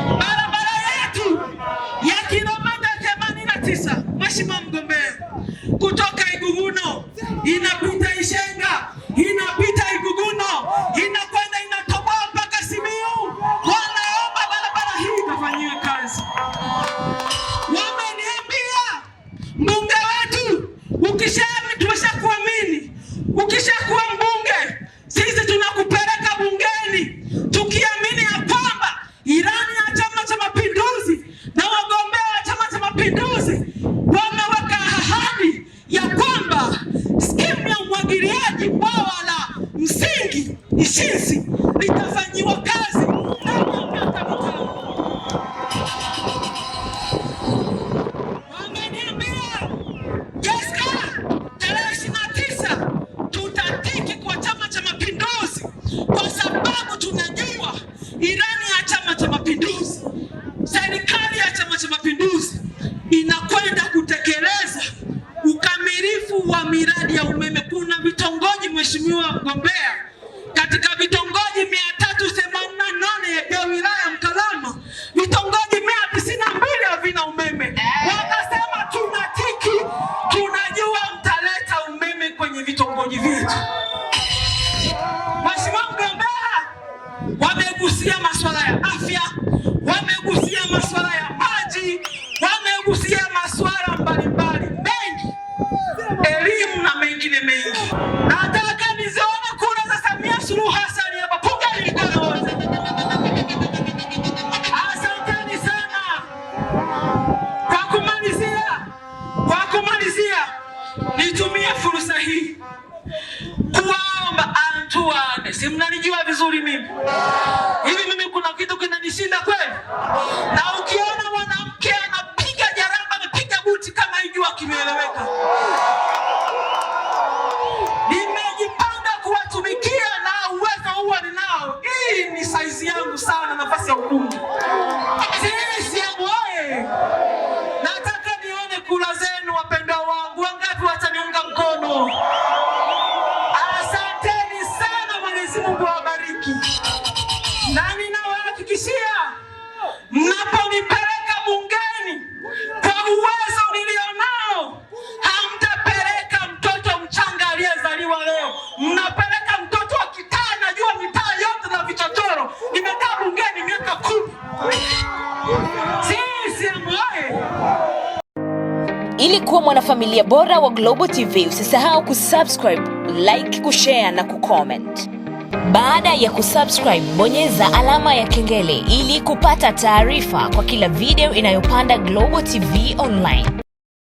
barabara yetu ya kilomita 89, Mheshimiwa mgombea, kutoka Iguguno inapita Ishenge hiki ishizi litafanyiwa kazi ndani ya miaka mitano. Wameniambia Pascal, tarehe ishirini na tisa tutatiki kwa Chama cha Mapinduzi kwa sababu tunajua ilani ya Chama cha Mapinduzi, serikali ya Chama cha Mapinduzi inakwenda kutekeleza ukamilifu wa miradi ya umeme. Kuna vitongoji, mheshimiwa mgombea Vitor Bom kuwaomba antuane, si mnanijua vizuri mimi. Hivi mimi kuna kitu kinanishinda kweli? Na ukiona mwanamke anapiga jaramba, amepiga buti kama ijua, kimeeleweka. Nimejipanga kuwatumikia na uwezo ninao. Hii ni saizi yangu sana, nafasi ya ubunge. Sisi oye hamtapeleka mtoto mchanga aliyezaliwa leo, mnapeleka mtoto wa kitaa. Najua mitaa yote na vichochoro, nimekaa bungeni miaka kumi. Ili kuwa mwanafamilia bora wa Global TV, usisahau kusubscribe, like, kushare na kucomment. Baada ya kusubscribe, bonyeza alama ya kengele ili kupata taarifa kwa kila video inayopanda Global TV Online.